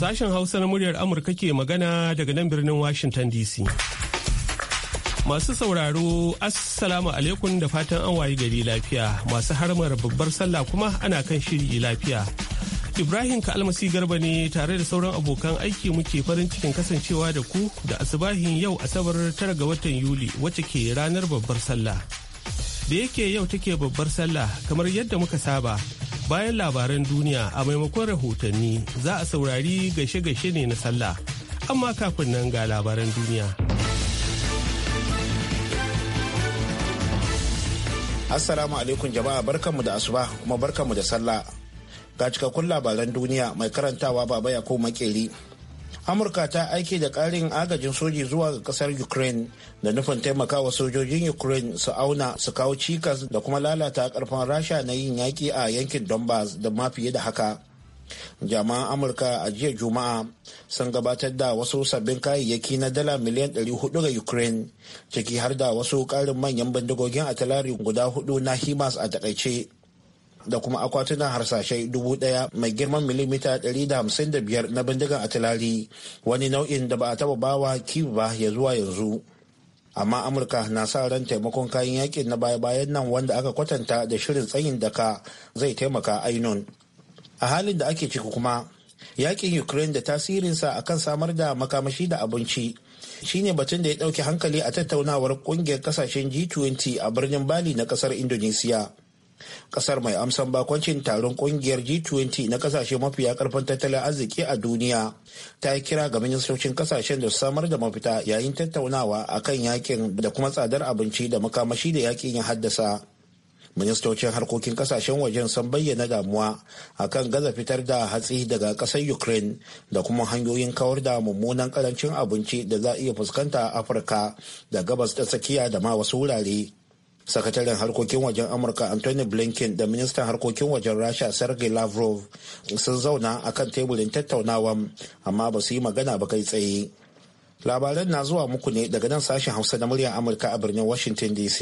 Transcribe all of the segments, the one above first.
Sashen Hausa na muryar Amurka ke magana daga nan birnin Washington DC. Masu sauraro, Assalamu alaikum da fatan an wayi gari lafiya. Masu harmar babbar sallah kuma ana kan shiri lafiya. Ibrahim Kalmasi Garba ne tare da sauran abokan aiki muke farin cikin kasancewa da ku da asibahin yau Asabar tara ga watan Yuli wacce ke ranar babbar sallah. Da yake yau take babbar sallah kamar yadda muka saba. bayan labaran duniya a maimakon rahotanni za a saurari gaishe-gaishe ne na sallah amma kafin nan ga labaran duniya assalamu alaikum jama'a barkanmu da asuba kuma barkanmu da sallah ga cikakkun labaran duniya mai karantawa baba yakubu makeri amurka ta aiki da ƙarin agajin soji zuwa ga ƙasar ukraine da nufin taimakawa sojojin ukraine su auna su kawo cikas da kuma lalata ƙarfin rasha na yin yaƙi a yankin donbass da ma fiye da haka jama'an amurka a jiya juma'a sun gabatar da wasu sabbin kayayyaki na dala miliyan 400 ga ukraine ciki har da wasu ƙarin manyan bindigogin atalari guda hudu na himas a takaice da kuma akwatunan harsashai dubu daya mai girman milimita da da hamsin biyar na bindigan atilali wani nau'in da ba a taba bawa kiwu ba ya zuwa yanzu amma amurka na sa ran taimakon kayan yakin na baya-bayan nan wanda aka kwatanta da shirin tsayin daka zai taimaka ainun a halin da ake ciki kuma yakin ukraine da tasirinsa akan samar da makamashi da abinci shine batun da ya dauki hankali a tattaunawar kungiyar kasashen g20 a birnin bali na kasar indonesia kasar mai amsan bakoncin taron kungiyar g20 na kasashe mafiya karfin tattalin arziki a duniya ta yi kira ga ministocin kasashen da samar da mafita yayin tattaunawa a kan yakin da kuma tsadar abinci da makamashi da yakin ya haddasa ministocin harkokin kasashen wajen sun bayyana damuwa a kan gaza fitar da hatsi daga kasar ukraine da kuma hanyoyin kawar da mummunan karancin abinci da za a iya fuskanta a afirka da gabas ta tsakiya da ma wasu wurare sakataren harkokin wajen amurka anthony blinken da ministan harkokin wajen rasha sergei lavrov sun zauna a kan teburin tattaunawa amma ba su yi magana ba kai tsaye labaran na zuwa muku ne daga nan sashen hausa na muryar amurka a birnin washington dc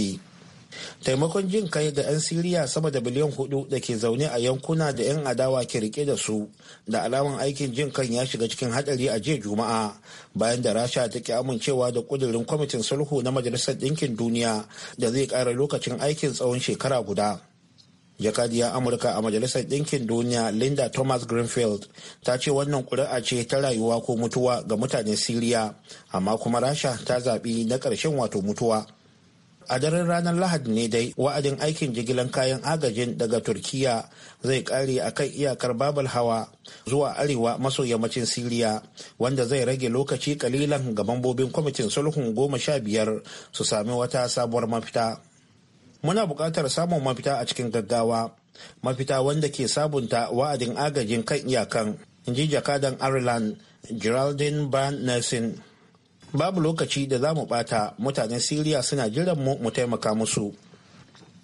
taimakon jin kai ga 'yan siriya sama da biliyan hudu da ke zaune a yankuna da 'yan adawa ke rike da su da alaman aikin jin kan ya shiga cikin hadari a jiya juma'a bayan da rasha ta ki amincewa da kudurin kwamitin sulhu na majalisar ɗinkin duniya da zai kara lokacin aikin tsawon shekara guda jakadiya amurka a majalisar ɗinkin duniya linda thomas greenfield ta ce wannan ƙuri'a ce ta rayuwa ko mutuwa ga mutanen siriya amma kuma rasha ta zaɓi na ƙarshen wato mutuwa a daren ranar lahadi ne dai wa'adin aikin jigilan kayan agajin daga turkiya zai kare a kan iyakar babal hawa zuwa arewa maso yammacin siriya wanda zai rage lokaci kalilan ga mambobin kwamitin sulhun goma sha biyar su sami wata sabuwar mafita muna buƙatar samun mafita a cikin gaggawa mafita wanda ke sabunta wa'adin agajin kan iyakan in ji jakadan ireland geraldine van nelson babu lokaci da za mu bata mutanen siriya suna jiran mu mu taimaka musu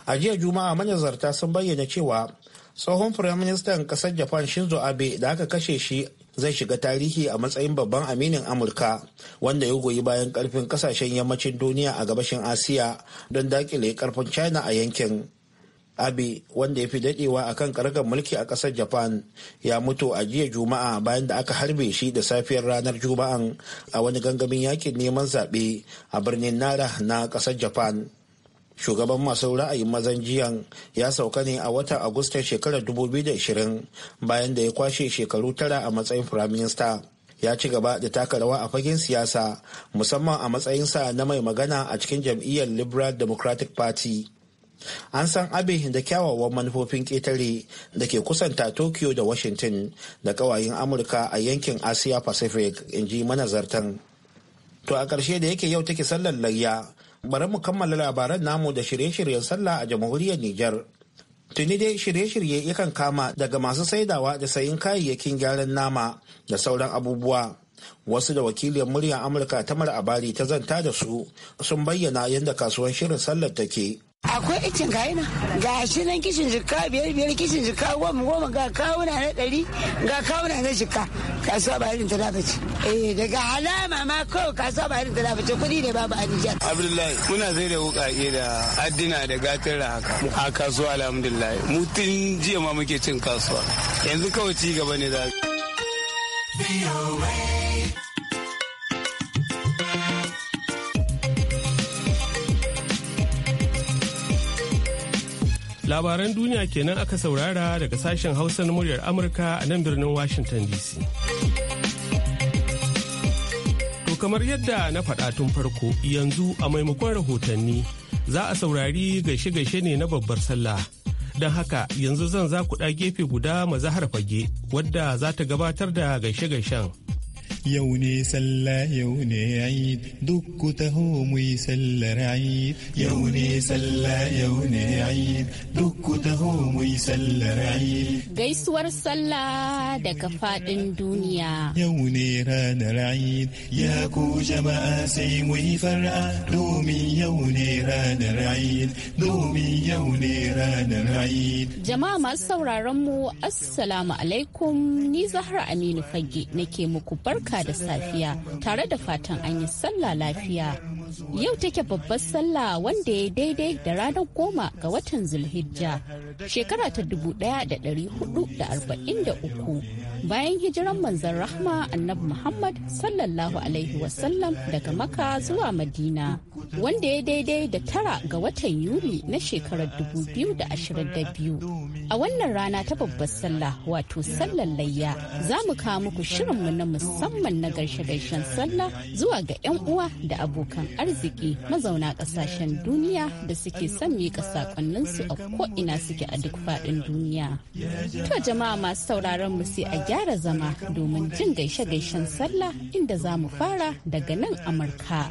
a jiya juma'a manazarta sun bayyana cewa tsohon firaministan kasar japan shinzo abe da aka kashe shi zai shiga tarihi a matsayin babban aminin amurka wanda ya goyi bayan karfin kasashen yammacin duniya a gabashin asiya don dakile karfin china a yankin abe wanda ya fi dadewa a kan mulki a kasar japan ya mutu a jiya juma'a bayan da aka harbe shi da safiyar ranar juma'an a wani gangamin yakin neman zaɓe a birnin nara na kasar japan shugaban masu ra'ayin mazan jiyan ya sauka ne a watan agusta shekarar 2020 bayan da ya kwashe shekaru tara a matsayin firaminista ya ci gaba da taka rawa a fagen siyasa musamman a matsayinsa na mai magana a cikin jam'iyyar liberal democratic party an san abe da kyawawan manufofin ƙetare da ke kusanta tokyo da washington da ƙawayen amurka a yankin asia pacific in ji manazartan to a ƙarshe da yake yau take sallar layya bari mu kammala labaran namu da shirye-shiryen sallah a jamhuriyar niger tuni dai shirye-shirye yakan kama daga masu saidawa da sayin kayayyakin gyaran nama da sauran abubuwa wasu da wakiliyar muryar amurka tamar abari ta zanta da su sun bayyana yadda kasuwan shirin sallar take akwai icin ga yana ga shi nan kishin jika biyar biyar kishin jika goma goma ga kawuna na ɗari ga kawuna na jika kasuwa ba irin talaba ce eh daga alama ma ko kasuwa ba irin talaba ce kudi ne babu a Nijar. Abdullahi muna zai da ke da addina da gatar da haka a kasuwa alhamdulillah mu tun jiya ma muke cin kasuwa yanzu kawai ci gaba ne za. labaran duniya kenan aka saurara daga sashen hausa na muryar amurka a nan birnin washington dc to kamar yadda na faɗa tun farko yanzu a maimakon rahotanni za a saurari gaishe-gaishe ne na babbar sallah don haka yanzu zan za kuɗa gefe guda mazahar fage wadda za ta gabatar da gaishe-gaishen يوني سلا يوني عيد دك تهوم يسل رعيد يوني سلا يوني عيد دك تهوم يسل رعيد جيس ورسلا دك فاد الدنيا يوني ران رعيد يا كو جماعة سيمي فرقة دومي يوني ران رعيد دومي يوني ران رعيد جماعة سورا رمو السلام عليكم ني زهر أمين فجي نكي مكبرك barka da safiya tare da fatan an yi sallah lafiya. Yau take babbar sallah wanda ya daidai da ranar goma ga watan Zulhijja shekara ta dubu da da da hudu arba'in uku bayan hijiran manzan rahma annabi Muhammad sallallahu Alaihi wasallam daga Maka zuwa Madina wanda ya daidai da tara ga watan Yuli na shekarar dubu biyu da da ashirin biyu A wannan rana ta babbar sallah wato sallar layya za mu kawo muku shirinmu na musamman na gaishe garshen sallah zuwa ga 'yan uwa da abokan arziki mazauna kasashen duniya da suke son miƙa sakonninsu a ko'ina suke a duk faɗin duniya. To jama'a masu sauraron mu sai a gyara zama domin jin gaishe-gaishen sallah inda za mu fara daga nan Amurka.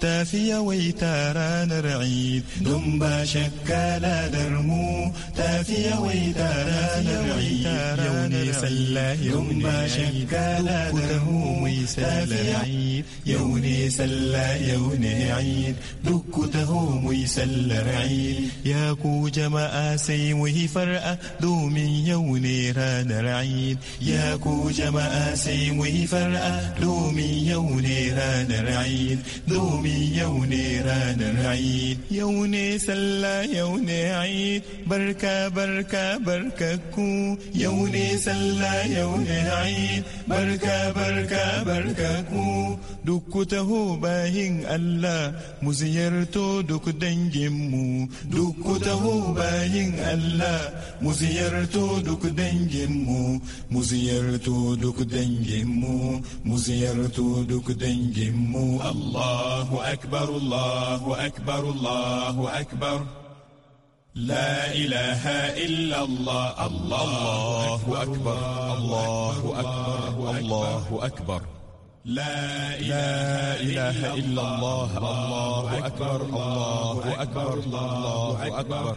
Tafiya wai ta ranar Eid don ba shakka dar mu tafiya wai ta ranar Eid yau ne sallah yau ne Eid ku taho mu mai sallah Eid yau ne sallah yau duk taho muyi sallar ayin ya ku jama'a sai mu far'a domin yau ne ranar ayin ya ku jama'a sai mu far'a domin yau ne ranar ayin domin yau ne ranar ayin yau ne sallah yau ne ayin barka barka barka ku yau ne sallah yau ne ayin barka barka barka ku duk taho bayin Allah mu ziyarto duk danginmu duk ku taho bayin Allah mu ziyarto duk danginmu mu ziyarto duk danginmu mu ziyarto duk danginmu Allahu akbar Allahu akbar Allahu akbar لا إله إلا الله الله أكبر الله أكبر الله أكبر, الله أكبر لا إله, إله إلا الله الله أكبر الله أكبر الله أكبر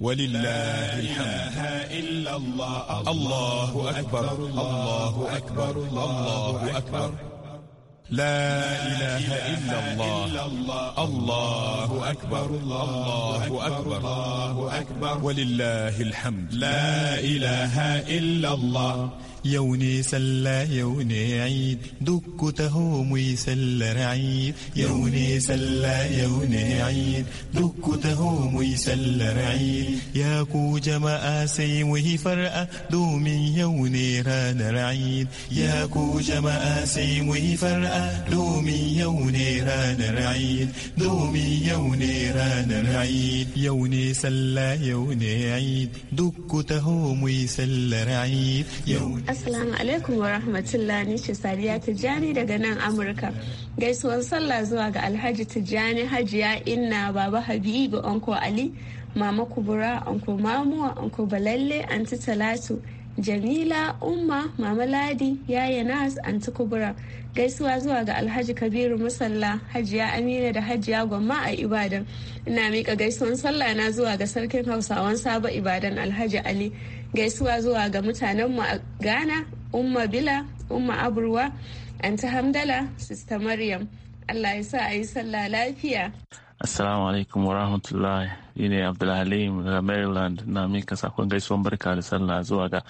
ولله الحمد إلا الله الله أكبر الله أكبر الله أكبر لا إله إلا الله الله أكبر الله أكبر الله أكبر ولله الحمد لا إله إلا الله يوني سلا يوني عيد دك تهوم يسل رعيد يوني سلا يوني عيد دك تهوم يسل رعيد يا كو جما اسي وهي فرقة دومي يوني ران رعيد يا كو جما اسي وهي فرقة دومي يوني ران رعيد دومي يوني ران رعيد يوني سلا يوني عيد دك تهوم يسل رعيد يوني Assalamu alaikum wa rahmatullah ni ce Sadiya Tijjani daga nan Amurka. Gaisuwar sallah zuwa ga Alhaji Tijjani Hajiya Inna Baba Habibu Anko Ali, Mama Kubura, Anko Mamuwa, Anko Balalle, Anti Talatu, Jamila, Umma, Mama Ladi, Yaya Nas, Anti Kubura. Gaisuwa zuwa ga Alhaji Kabiru Musalla, Hajiya Amina da Hajiya Gwamma a Ibadan. Ina miƙa gaisuwan sallah na zuwa ga Sarkin Hausawan Sabo Ibadan Alhaji Ali. gaisuwa zuwa ga mutanenmu a ghana umma bila umma aburwa anta hamdala sista maryam allah ya sa a yi sallah lafiya assalamu alaikum wa rahmatullahi ni ne abdulhalim daga maryland na mika sakon gaisuwan barka da sallah zuwa ga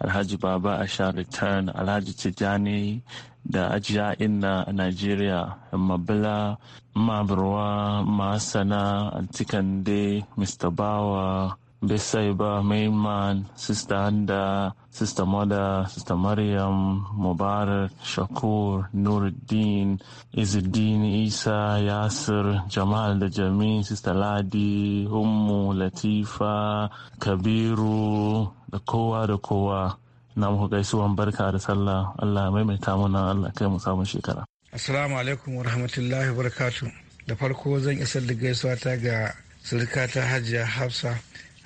alhaji baba asha return alhaji tijjani da ajiya inna a Najeriya, Mabila, Maburwa, Masana, Antikande, Mr. Bawa, main man, Sister Handa, Sister Mother, Sister Maryam, Mubarak, Shakur, Nuruddin, Izuddin, Isa, Yasir, Jamal da Jami, Sister Ladi, Ummu, Latifa, Kabiru, da kowa da kowa. Na muku gaisuwan barka da sallah Allah maimaita muna Allah kai mu samun shekara. Assalamu alaikum wa rahmatullahi wa Da farko zan isar da gaisuwa ta ga surika ta Hajiya Hafsa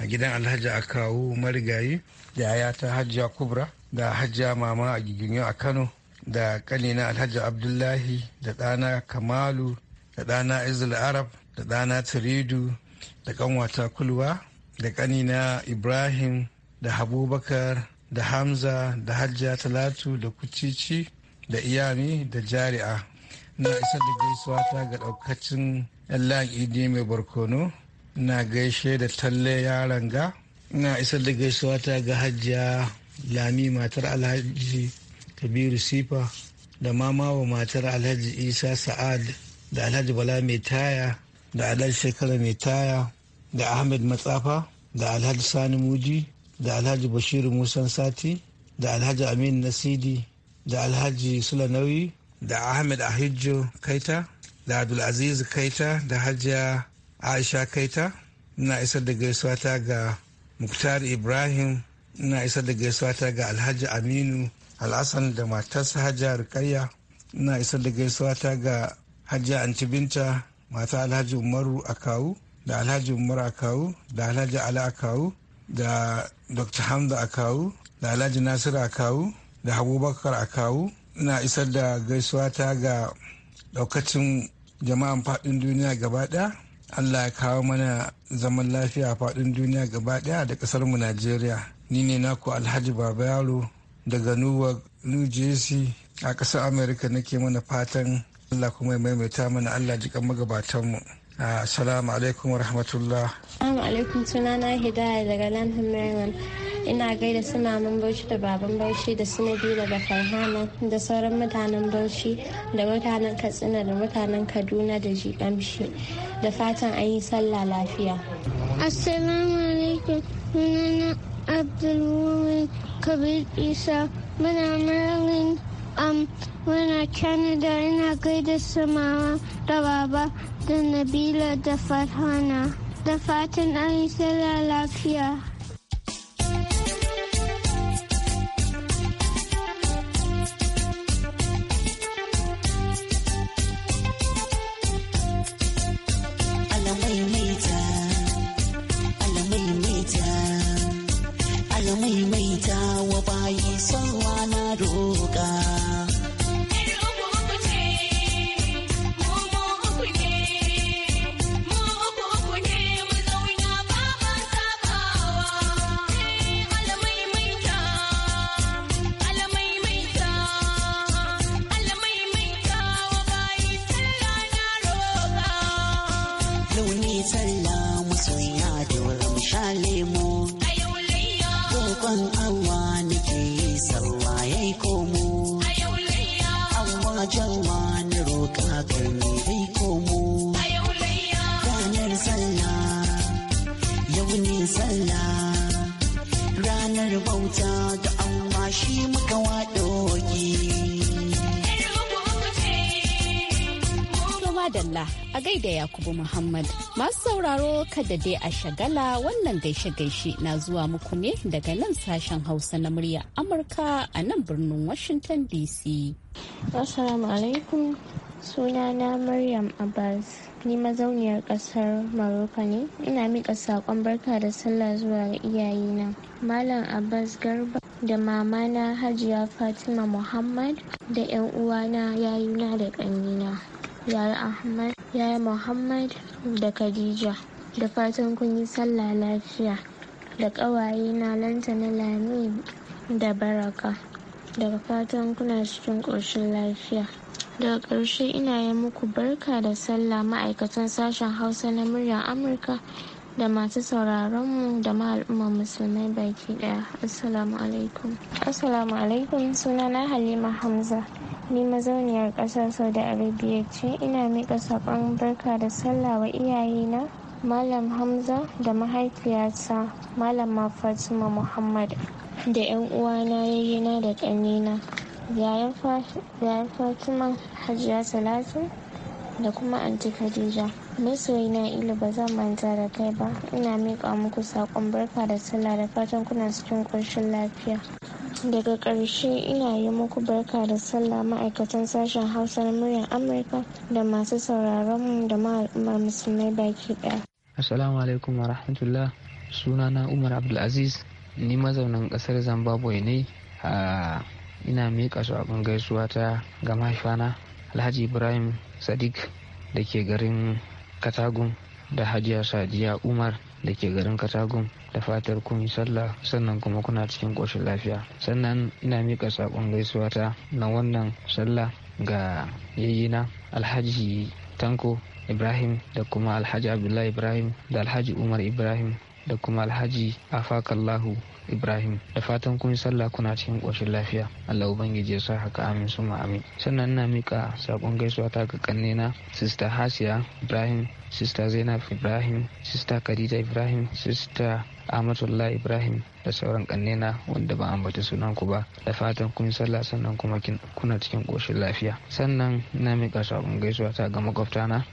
a gidan alhaji a kawo marigayi da yayata hajja kubra da hajja mama a giginyo a kano da kanina alhaji abdullahi da ɗana kamalu da ɗana izil arab da ɗana tiridu da ƙanwata kulwa da ƙanina ibrahim da habubakar da hamza da hajja talatu da kucici da iyami da jari'a na isar da gaisuwa ta ga ɗaukacin yan idi mai barkono na gaishe da talle yaron ga na isar da gaisuwa ta ga hajjiya lami matar alhaji kabiru sifa da mamawa matar alhaji isa sa'ad da alhaji bala mai taya da alhaji shekara mai taya da ahmed matsafa da alhaji sani muji da alhaji bashiru musan sati da alhaji amin nasidi da alhaji sulanawi da ahmed ahijjo kaita da abdulaziz kaita da hajiya aisha kaita ina isar da gaisuwa ta ga muktar ibrahim ina isar da gaisuwa ta ga alhaji aminu alhassan da matarsa hajiya rukayya ina isar da gaisuwa ta ga hajiya antibinta mata alhaji umaru akawu da alhaji umaru akawu da alhaji ala akawu da dr hamza akawu da alhaji nasiru akawu da abubakar akawu ina isar da gaisuwa ta ga daukacin jama'an faɗin duniya gaba ɗaya allah ya kawo mana zaman lafiya a faɗin duniya gaba ɗaya da ƙasar mu najeriya ni ne naku alhaji baba yaro daga newark new jersey a ƙasar america nake mana fatan allah kuma ya maimaita mana allah jikan magabatanmu assalamu alaikum wa rahmatullah alaikum sunana hidaya daga Maryland. ina gaida suna maman bauchi da baban bauchi da su daga da farhana da sauran mutanen bauchi da mutanen katsina da mutanen kaduna da jikamshi da fatan an yi sallah lafiya assalamu alaikum sunana abdulmumin kabir isa muna marin am um, muna canada ina gaida samawa da baba da nabila da farhana da fatan an yi sallah lafiya maimaita wa bayi sallah na roƙa Yakubu Muhammad. Masu sauraro kada dai a shagala wannan gaishe-gaishe na zuwa muku ne daga nan sashen Hausa na murya Amurka a nan birnin Washington DC. Assalamu alaikum sunana Maryam Abbas. Ni mazauniyar kasar morocco ne, ina miƙa saƙon barka da sallah zuwa ga iyayena. Malam Abbas Garba da mamana Hajiya Fatima Muhammad da 'yan uwana yayuna da ƙannina. yaya muhammad da khadija da fatan kun yi sallah lafiya da ƙawaye na lantana lami da baraka daga fatan kuna cikin ƙoshin lafiya daga ƙarshe ina yi muku barka da sallah ma'aikatan sashen hausa na muryar amurka da masu sauraronmu da ma al'ummar musulmai baki daya assalamu alaikum assalamu alaikum sunana halima hamza ni mazauniyar kasar saudi arabia ce ina miƙa saƙon barka da sallah wa iyayena malam hamza da mahaifiyata malama fatima muhammad da 'yan uwana yayyina da ƙanina yayin fatima hajiya salatu da kuma anti khadija masoyi na ilu ba zan manta da kai ba ina miƙa muku saƙon barka da sallah da fatan kuna cikin ƙoshin lafiya daga ƙarshe ina yi muku barka da sallah ma'aikatan sashen hausa na muryar amurka da masu sauraron mu da ma'al'ummar musulmai baki ɗaya assalamu alaikum wa rahmatullah sunana umar abdulaziz ni mazaunin ƙasar zimbabwe ne a ina miƙa saƙon gaisuwa ta ga mahaifana alhaji ibrahim sadiq da ke garin katagun da hajiya sadiya umar da ke garin katagun da fatar kun sallah sannan kuma kuna cikin ƙoshin lafiya sannan ina miƙa saƙon gaisuwa ta na wannan sallah ga yayyina alhaji tanko ibrahim da kuma alhaji abdullahi ibrahim da alhaji umar ibrahim da kuma alhaji afakallahu ibrahim da fatan kun sallah kuna cikin ƙoshin lafiya allah ubangiji ya sa haka amin suma amin sannan na mika sakon gaisuwa ta ga kannena sista hasiya ibrahim sista zainab ibrahim sista khadija ibrahim sista Ahmadullah Ibrahim da sauran kannena wanda ba ambata sunan ku ba da fatan kun sallah sannan kuma kuna cikin koshin lafiya sannan na miƙa abin gaisuwa ta ga na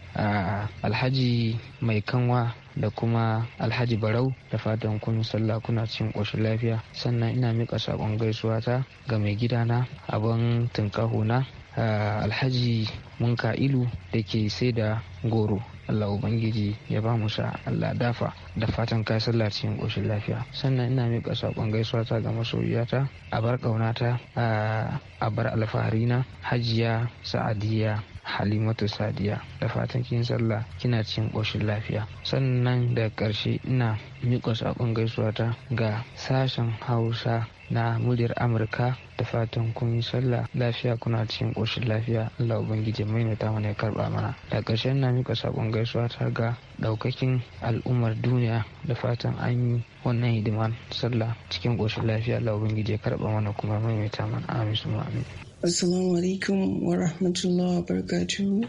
alhaji mai kanwa da kuma alhaji barau da fatan kun sallah kuna cikin koshin lafiya sannan ina miƙa saƙon gaisuwa ta ga mai gidana abin tunkahuna na alhaji munka ilu da ke sai da goro Allah Ubangiji ya ba mu Allah dafa da fatan kai sallah cikin ƙoshin lafiya sannan ina miƙa saƙon gaisuwa ta ga masoyiyata a bar ƙaunata a bar alfaharina hajiya sa'adiyya halimatu sadiya da fatan kin sallah kina cikin ƙoshin lafiya sannan da ƙarshe ina miƙa saƙon gaisuwa ta ga sashen hausa na muryar amurka da fatan kun yi sallah lafiya kuna cikin ƙoshin lafiya allah ubangiji maimaita mana ya karba mana da ƙarshen na mika saƙon gaisuwa ta ga ɗaukakin al'ummar duniya da fatan an yi wannan hidiman sallah cikin ƙoshin lafiya allah ubangiji ya karba mana kuma maimaita mana amin su amin assalamu alaikum wa rahmatullahi wa barakatuhu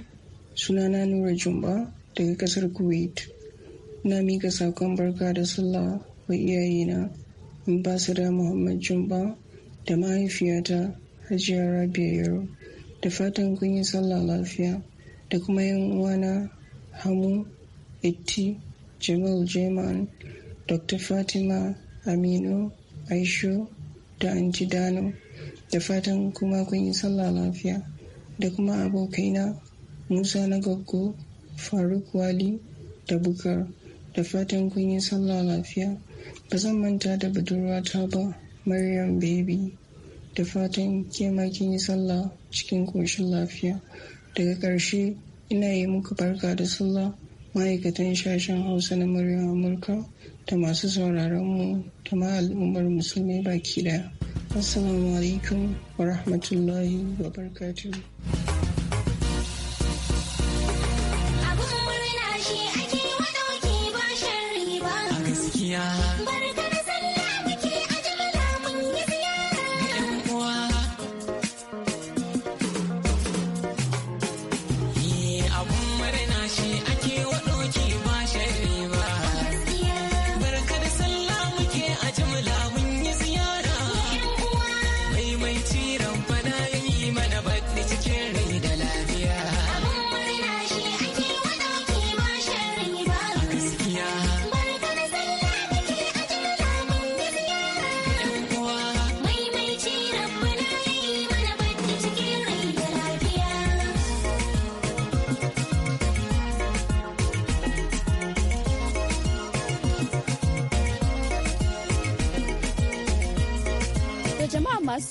sunana nura jumba daga kasar kuwait na mika saƙon barka da sallah wa iyayena Ambasada Muhammad Jumba da mahaifiyata Hajiya Rabia Yaro. Da fatan kun yi sallah lafiya da kuma yan uwana Hamu Itti Jamal Jeman Dr. Fatima Aminu Aisho da Anti Dano. Da fatan kuma kun yi sallah lafiya da kuma abokaina Musa na Gaggo Faruk Wali da Bukar. Da fatan kun yi sallah lafiya. ba zan manta da budurwata ba maryam baby da fatan kema kin yi sallah cikin koshin lafiya daga ƙarshe ina yi muku barka da sallah ma'aikatan shashen hausa na maryam amurka da masu sauraron da ma musulmi baki daya assalamu alaikum wa rahmatullahi wa barakatuhu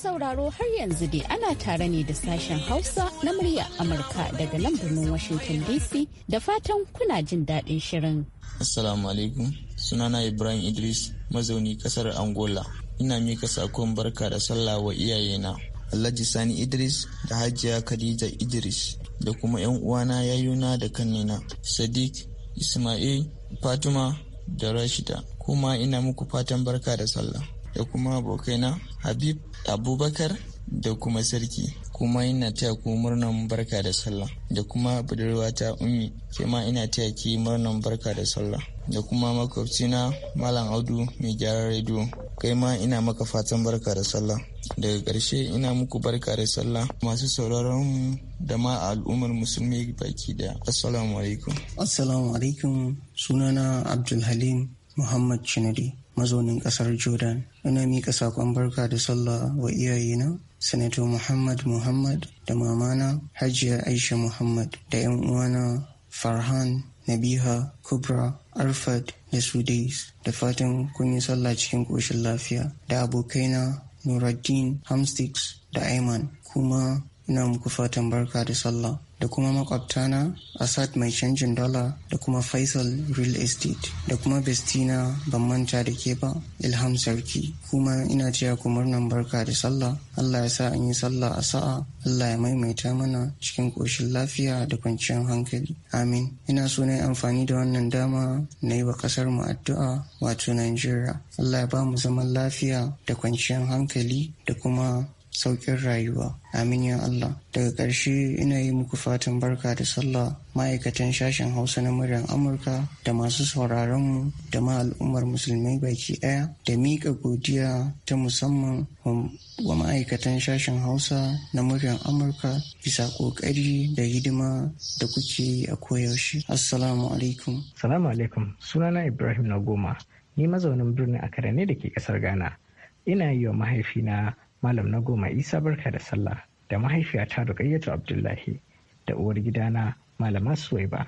sauraro har yanzu dai ana tare ne da sashen Hausa na murya Amurka daga nan birnin Washington DC da fatan kuna jin daɗin shirin. Assalamu alaikum, sunana Ibrahim Idris, mazauni kasar Angola. Ina mika sakon barka da sallah wa iyayena. Alhaji Sani Idris da Hajiya Khadija Idris da kuma 'yan uwana yayuna da kannina Sadiq, Ismail, Fatima da Rashida. Kuma ina muku fatan barka da sallah da kuma abokaina habib abubakar da kuma sarki kuma ina taya ku murnan barka da sallah da kuma budurwata ummi ke ma ina taya ki murnan barka da sallah da kuma makwabcina malam audu mai gyara rediyo kai ma ina maka fatan barka da sallah daga ƙarshe ina muku barka da sallah masu sauraron da ma al'ummar musulmi baki da assalamu alaikum assalamu alaikum sunana abdulhalim muhammad chinadi mazaunin ƙasar jordan Ina mika sakon barka da sallah wa iyayena, Sanato Muhammad Muhammad da mamana Hajiya Aisha Muhammad da 'yan uwana Farhan, Nabiha, Kubra, Arfad da Sudais da fatan kun yi sallah cikin koshin lafiya da abokaina Nuruddin hamstix da Aiman kuma ina muku fatan barka da sallah da kuma makwabtana asad mai canjin dola da kuma faisal real estate da kuma bestina ban manta da ke ba ilham sarki kuma ina cewa ku murnan barka da sallah allah ya sa an yi sallah a sa'a allah ya maimaita mana cikin koshin lafiya da kwanciyar hankali amin ina so na yi amfani da wannan dama na yi wa kasar mu addu'a wato nigeria allah ya ba mu zaman lafiya da kwanciyar hankali da kuma saukin rayuwa amin ya allah daga ƙarshe ina yi muku fatan barka da sallah ma'aikatan sashen hausa na muryar amurka da masu sauraronmu da ma al'ummar musulmai baki ɗaya da miƙa godiya ta musamman wa ma'aikatan sashen hausa na muryar amurka bisa ƙoƙari da hidima da kuke a koyaushe assalamu alaikum salamu alaikum sunana ibrahim Nagoma, goma ni mazaunin birnin akara ne da ke ƙasar ghana ina yi wa mahaifina Malam na goma Isa barka da sallah da mahaifiyata Rukayyatu Abdullahi da uwar gidana Malama Suwaiba.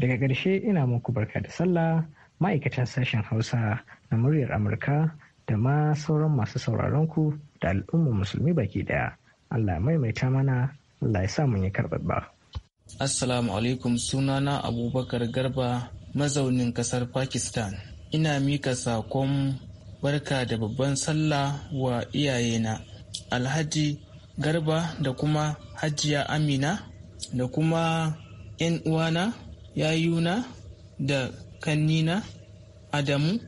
Daga ƙarshe ina muku barka da sallah ma'aikatan sashen Hausa na muryar Amurka da ma sauran masu sauraron ku da al'ummar musulmi baki daya. Allah maimaita mana Allah ya sa mun yi ba. Assalamu alaikum sunana Abubakar Garba mazaunin ƙasar Pakistan. Ina mika sakon barka da babban sallah wa iyayena alhaji garba da kuma hajiya amina da kuma 'yan uwana yayuna da kannina adamu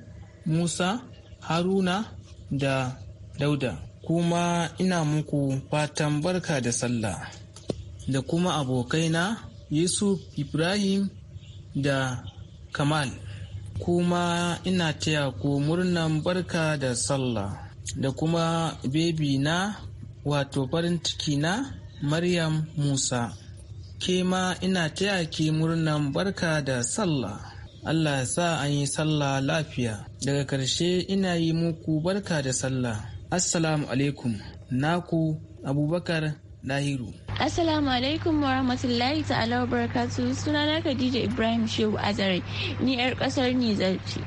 musa haruna da dauda kuma ina muku fatan barka da sallah da kuma abokaina yusuf ibrahim da kamal kuma ina taya ku murnan barka da sallah da kuma bebi na wato farin ciki na maryam musa ke ma ina taya ki murnan barka da sallah allah ya sa an yi sallah lafiya daga karshe ina yi muku barka da sallah assalamu alaikum naku abubakar dahiru Assalamu alaikum wa rahmatullahi ta'ala wa barakatu sunana Khadija Ibrahim Shehu Azare ni yar kasar Nizar ce.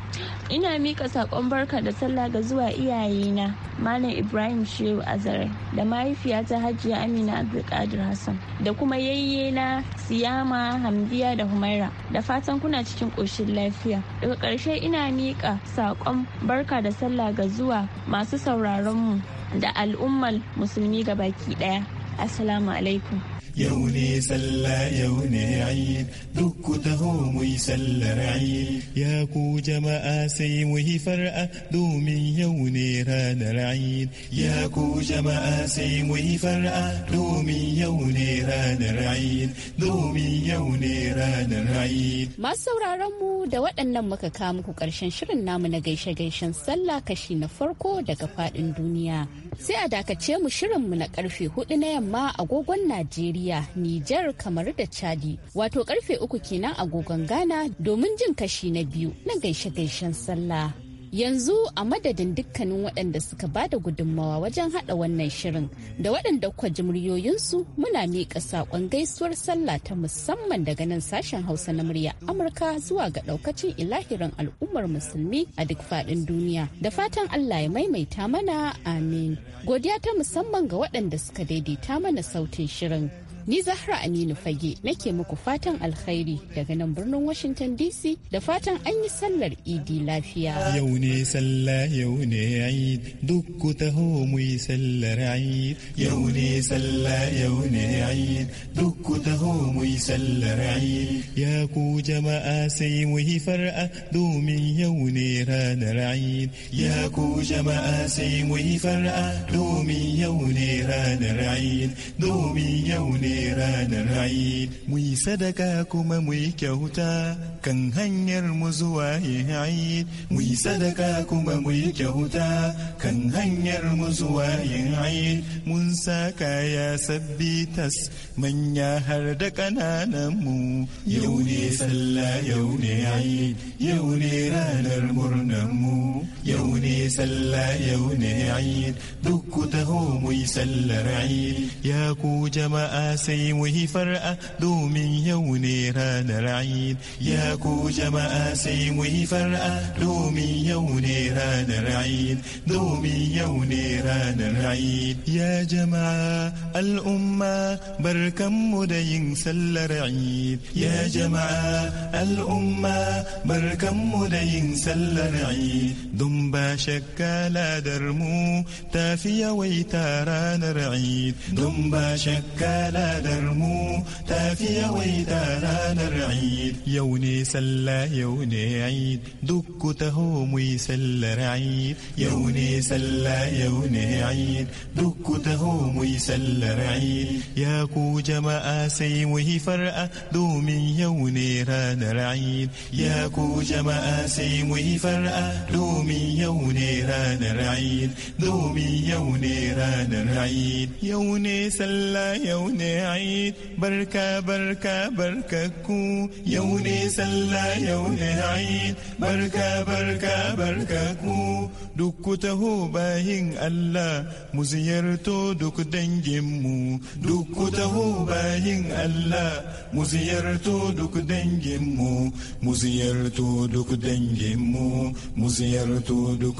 Ina mika sakon barka da sallah ga zuwa iyayena Malam Ibrahim Shehu Azare da mahaifiyata Hajiya Amina Abdulkadir Hassan da kuma yayyena Siyama Hamdiya da Humaira da fatan kuna cikin koshin lafiya. Daga karshe ina mika sakon barka da sallah ga zuwa masu sauraron mu da al'ummar musulmi gabaki ɗaya. السلام عليكم yau ne sallah yau ne ayin duk ku taho mu yi sallar ayin ya ku jama'a sai mu yi far'a domin yau ne ranar ayin ya ku jama'a sai mu yi far'a domin yau ne ranar ayin domin yau ne ranar ayin masu sauraron mu da waɗannan muka kawo muku ƙarshen shirin namu na gaishe-gaishen sallah kashi na farko daga faɗin duniya sai a dakace mu shirinmu na ƙarfe hudu na yamma agogon najeriya ya Nijar, kamar da Chadi. Wato karfe uku kenan agogon Ghana domin jin kashi na biyu na gaishe-gaishen sallah. yanzu a madadin dukkanin waɗanda suka ba da gudunmawa wajen haɗa wannan shirin da waɗanda kwa muryoyinsu muna miƙa saƙon gaisuwar sallah ta musamman daga nan sashen hausa na murya amurka zuwa ga ɗaukacin ilahirin al'ummar musulmi a duk faɗin duniya da fatan allah ya maimaita mana amin godiya ta musamman ga waɗanda suka daidaita mana sautin shirin Ni Zahra Aminu Fage nake muku fatan alkhairi daga nan birnin Washington DC da fatan an yi sallar Idi lafiya. Yau ne sallah yau ne ayi duk ku taho mu yi sallar ayi Yau ne sallah yau ne ayi duk ku taho mu yi sallar ayi Ya ku jama'a sai mu yi far'a domin yau ne ranar ayi Ya ku jama'a sai mu yi far'a domin yau ne ranar ayi Domin yau ne ce ranar Mu yi sadaka kuma mu yi kyauta kan hanyar mu zuwa yin Mu yi sadaka kuma mu yi kyauta kan hanyar mu zuwa Eid. Mun sa kaya sabbi tas manya har da kananan mu. Yau ne sallah yau ne Eid. Yau ne ranar murnan mu. سلا يون عيد دك تهوم يسلى رعيد يا كو جماعة سيمه فرأة دومين يون ران رعيد يا كو جماعة سيمه فرأة دومين يون ران رعيد دومين يون ران رعيد يا جماعة الأمة بركم مدين سلى رعيد يا جماعة الأمة بركم مدين سلى رعيد دم باشا تكا لا درمو تافيا ويتارا نرعيد دمبا شكا لا درمو تافيا ويتارا نرعيد يوني سلا يوني عيد دكو تهوم ويسل رعيد يوني سلا يوني عيد دكو تهوم ويسل رعيد يا كو جماعة سيوه فرأة دومي يوني رانر عيد يا كو جماعة سيوه فرأة دومي يوني ne ranar aid domin yau ne ranar aid yau ne sallah yau ne aid barka barka barka ku yau ne sallah yau ne aid barka barka barka ku duk ku taho bayin Allah mu ziyarto duk mu duk ku taho bayin Allah mu ziyarto duk dangin mu mu ziyarto duk mu mu ziyarto duk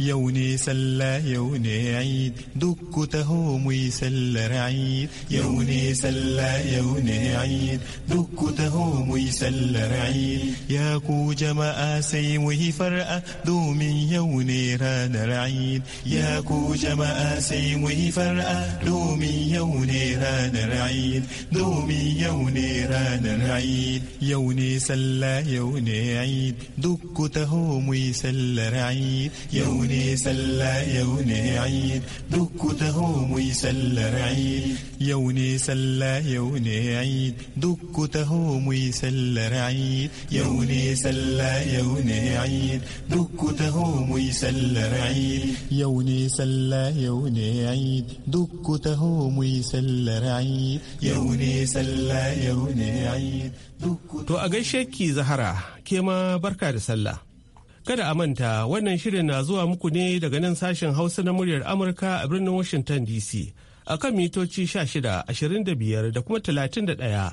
يوني سلا يوني عيد دك تهوم يسل رعيد يوني سلا يوني عيد دك تهوم يسل رعيد يا كو جما وهي فرأة دومي يوني ران رعيد يا كو جما وهي فرأة دومي يوني ران رعيد دومي يوني ران رعيد يوني سلا يوني عيد دك تهوم يسل رعيد يوني ne sallah yau ne aid duk ku taho muyi yi sallar aid yau ne sallah yau ne aid duk ku taho muyi yi sallar aid yau ne sallah yau ne aid duk ku taho muyi yi sallar aid yau ne sallah yau ne aid duk ku taho muyi yi sallar aid yau ne sallah yau ne aid To a gaishe ki Zahara, ke ma barka da sallah. Kada a manta wannan shirin na zuwa muku ne daga nan sashen Hausa na muryar Amurka a birnin Washington DC a kan mitoci 16, 25 da kuma 31.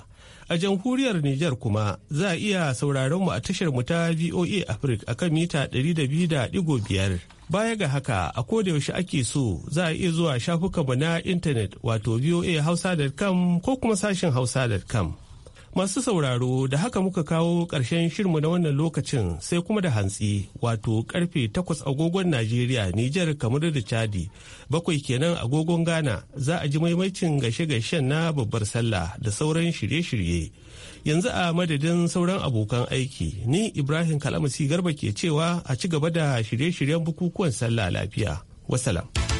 A jamhuriyar Nijar kuma za a iya sauraron mu a tashar mu ta VOA Africa a kan mita 200.5. Baya ga haka a yaushe ake so za a iya zuwa shafukanmu na intanet wato voa hausa.com ko kuma sashen hausa.com. Masu sauraro da haka muka kawo ƙarshen shirmu na wannan lokacin sai kuma da hantsi wato karfe takwas agogon Najeriya, Nijar, kamar da Chadi, bakwai kenan agogon Ghana za a ji maimacin gashe-gashen na babbar sallah da sauran shirye-shirye. Yanzu a madadin sauran abokan aiki, ni Ibrahim Kalamasi Garba ke cewa a ci gaba da shirye-shiryen bukukuwan sallah lafiya. Wasalam.